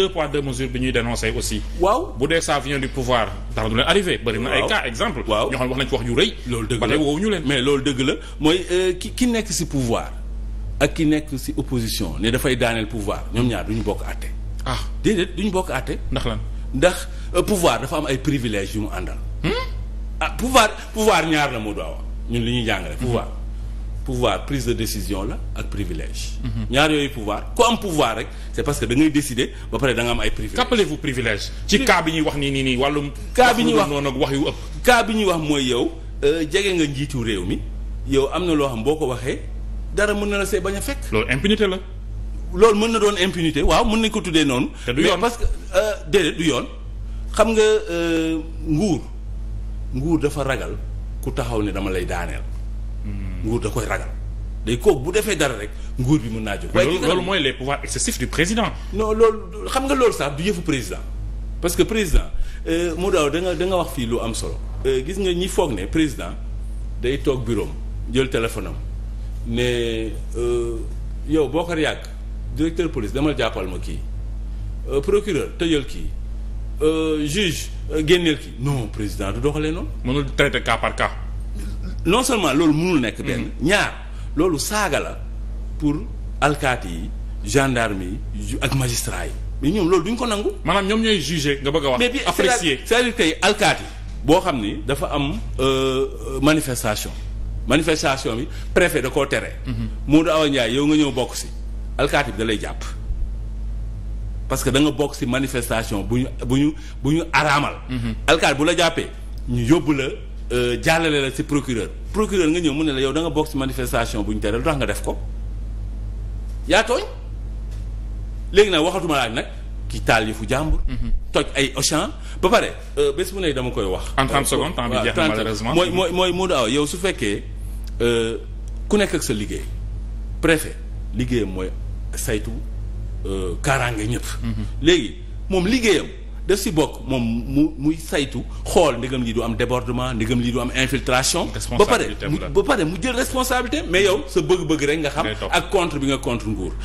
deux poids deux mesures bi ñuy dénoncer aussi. waaw bu dee ça vient du pouvoir dara du leen arrivé. bëri na ay cas exemple. waaw ñoo xam ne wax nañ ci wax yu rëy. loolu dëgg la ba tey woowuñu leen. mais la mooy euh, ki ki nekk ci pouvoir ak ki nekk ci opposition ne dafay daaneel pouvoir ñoom ñaar du ñu bokk àtte. ah déedéet du ñu bokk àtte. ndax lan ndax euh, pouvoir dafa am ay privilèges yu mu àndal. Hmm? ah pouvoir pouvoir ñaar la moo doon ñu li ñuy jàngale hmm. pouvoir. pouvoir prise de décision la ak privilège. ñaar yooyu pouvoir ku am pouvoir rek c'est parce que da ngay décider ba pare da nga am ay privilège. qu'appelez-vous privilège. ci cas bi ñuy wax nii nii nii wàllum. cas bi ñuy wax noonu ak wax bi ñuy wax mooy yow euh, jege nga njiitu réew mi yow am na loo xam boo ko waxee dara mën na la see bañ a fekk. loolu impunité la. loolu mën na doon impunité waaw mën nañ ko tuddee noonu. te du que euh, déedéet du yoon xam nga euh, nguur nguur dafa ragal ku taxaw ne dama lay daaneel. nguur da koy ragal day kooku bu defee dara rek nguur bi mu naa jóg. loolu mooy les pouvoirs excessifs du président. non loolu xam nga loolu sax du yëfu président parce que président euh, mu daw da nga da nga wax fii lu am solo. Euh, gis nga ñi foog ne président day toog bureau am jël téléphone am ne euh, yow boo ko yàgg directeur police demal jàppal ma kii procureur tëjal kii. Euh, juge euh, génneel ki non président du doxalee noonu. mënul traité cas par cas. non seulement loolu mënul nekk mm-hmm. benn ñaar loolu saaga la pour alkaati yi gendarme yi ak magistrat yi mais ñoom loolu duñ ko nangu maanaam ñoom ñooy jugé nga bëgg a wax apprécier c'est-à-dire tey alkaati boo xam ni dafa am euh, euh, manifestation manifestation bi préfet da koo tere mm-hmm. Modou Awa Ndiaye yow nga ñëw bokk si alkaati bi da lay jàpp parce que da nga bokk si manifestation bu ñu bu ñu bu ñu araamal mm-hmm. alkaati bu la jàppee ñu yóbbu la Euh, jàllale la si procureur procureur nga ñëw mu ne la yow danga bokk ci manifestation bu ñu tere lu tax nga def ko yaa tooñ léegi nag waxatuma laaj nag ki taal yi fu jàmbur. Mhm. toj ay Auchan ba pare euh, bés bu ne dama koy wax. en 30 secondes temps mooy mooy mooy Modou Awa yow su fekkee euh, ku nekk ak sa liggéey préfet liggéeyam mooy saytu kaaraange ñëpp. Mhm. léegi moom liggéeyam. daf si bokk moom mu muy saytu xool ndegam lii du am débordement ndegam lii du am infiltration. ba pare ba pare mu jël responsabilité mais yow sa bëgg-bëgg rek nga xam. ak contre bi nga contre nguur.